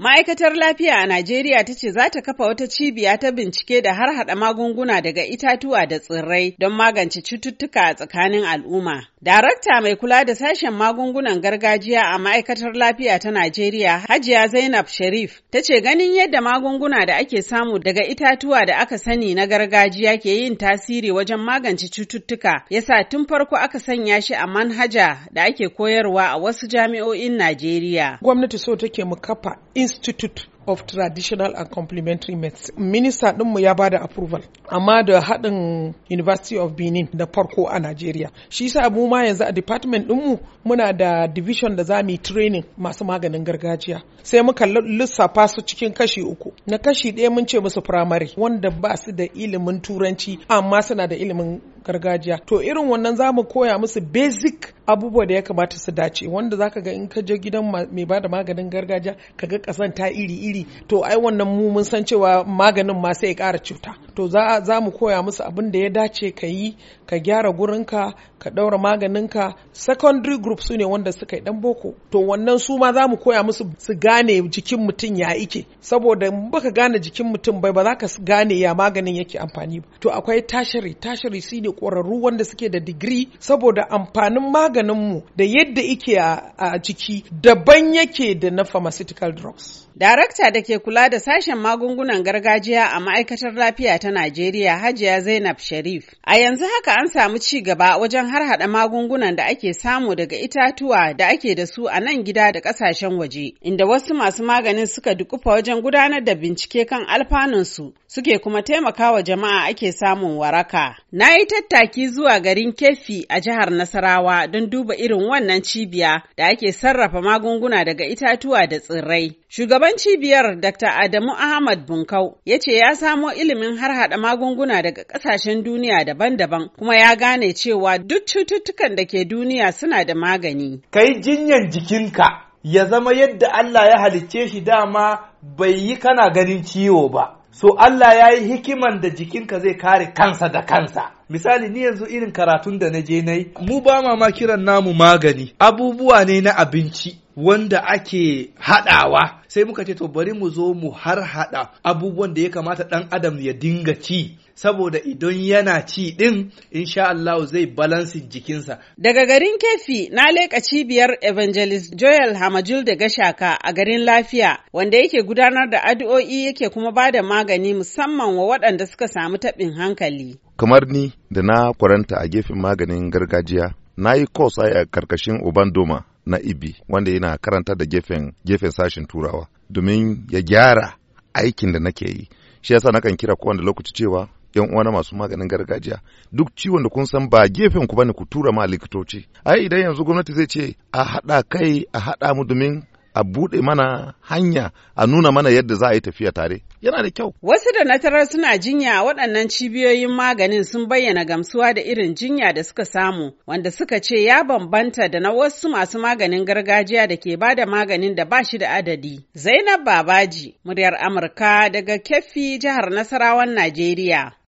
Ma'aikatar Lafiya a Najeriya ta ce za ta kafa wata cibiya ta bincike da har hada magunguna daga itatuwa da tsirrai don magance cututtuka a tsakanin al'umma. Darakta mai kula da sashen magungunan gargajiya a Ma'aikatar Lafiya ta Najeriya, Hajiya Zainab Sharif, ta ce ganin yadda magunguna da ake samu daga itatuwa da aka sani na gargajiya ke yin tasiri wajen magance cututtuka, yasa tun farko aka sanya shi a manhaja da ake koyarwa a wasu jami'o'in Najeriya. Gwamnati so take mu kafa institute of traditional and complementary medicine. minister ɗinmu ya bada approval, amma da haɗin University of Benin da farko a Najeriya. Shi sa mu ma yanzu a department ɗinmu muna da division da za mu training masu maganin gargajiya. Sai muka lissafa su cikin kashi uku. Na kashi ɗaya mun ce musu primary wanda ba su da ilimin turanci amma suna da ilimin gargajiya. To irin wannan zamu koya musu basic abubuwa da ya kamata su dace wanda zaka ga in ka je gidan mai bada maganin gargajiya ka ga ƙasan ta iri iri tasiri to ai wannan mu mun san cewa maganin ma sai ya ƙara cuta to za, za mu koya musu abin da ya dace ka yi ka gyara gurinka ka ɗaura maganinka secondary group su ne wanda suka yi dan boko to wannan su ma za mu koya musu su gane jikin mutum ya ike saboda baka gane jikin mutum bai ba za ka gane ya maganin yake amfani ba to akwai tashiri tashiri su ne ƙwararru wanda suke da digiri saboda amfanin maganinmu da yadda ike a, a jiki daban yake da na pharmaceutical drugs. Director Darakta da ke kula da sashen magungunan gargajiya a ma'aikatar lafiya ta Najeriya Hajiya Zainab Sharif. A yanzu haka an samu ci gaba wajen harhaɗa magungunan da ake samu daga itatuwa da ake da su a nan gida da ƙasashen waje, inda wasu masu maganin suka dukufa wajen gudanar da bincike kan alfanunsu suke kuma taimakawa jama'a ake samun waraka. Na yi tattaki zuwa garin Kefi a jihar Nasarawa don duba irin wannan cibiya da ake sarrafa magunguna daga itatuwa da tsirrai. Shugaban cibiyar Cibiyar Dr. Adamu Ahmad Bunkau ya ce ya samo ilimin har hada magunguna daga kasashen duniya daban-daban kuma ya gane cewa duk cututtukan da ke duniya suna da magani. Kai jinyan jikinka ya zama yadda Allah ya halicce shi dama bai yi kana ganin ciwo ba. So Allah ya yi hikiman da jikinka zai kare kansa da kansa. Misali ni yanzu irin karatun da na je na yi, mu ba ma kiran namu magani, abubuwa ne na abinci. wanda ake haɗawa sai muka ce to bari mu zo mu har haɗa abubuwan da ya kamata ɗan adam ya dinga ci saboda idan yana ci ɗin insha Allah zai balansin jikinsa. Daga garin Kefi na leƙa cibiyar Evangelist Joel Hamajul da Gashaka a garin Lafiya wanda yake gudanar da addu'o'i yake kuma ba da magani musamman wa waɗanda suka samu taɓin hankali. Kamar ni da na kwaranta a gefen maganin gargajiya na yi kos a karkashin Doma. na ibi wanda yana karanta da gefen gefen sashen turawa domin ya gyara aikin da nake yi shi yasa nakan kira kowane lokaci cewa yan uwa na masu maganin gargajiya duk ciwon da kun san ba gefen ku bane ku tura ma likitoci ai idan yanzu gwamnati zai ce a hada kai a hada mu domin a buɗe mana hanya a nuna mana yadda za a yi tafiya tare yana da kyau. Wasu da natarar suna jinya a waɗannan cibiyoyin maganin sun bayyana gamsuwa da irin jinya da suka samu wanda suka ce ya bambanta da na wasu masu maganin gargajiya da ke bada maganin da ba shi da adadi. Zainab Babaji, muryar Amurka daga Keffi, jihar Nasarawan Najeriya.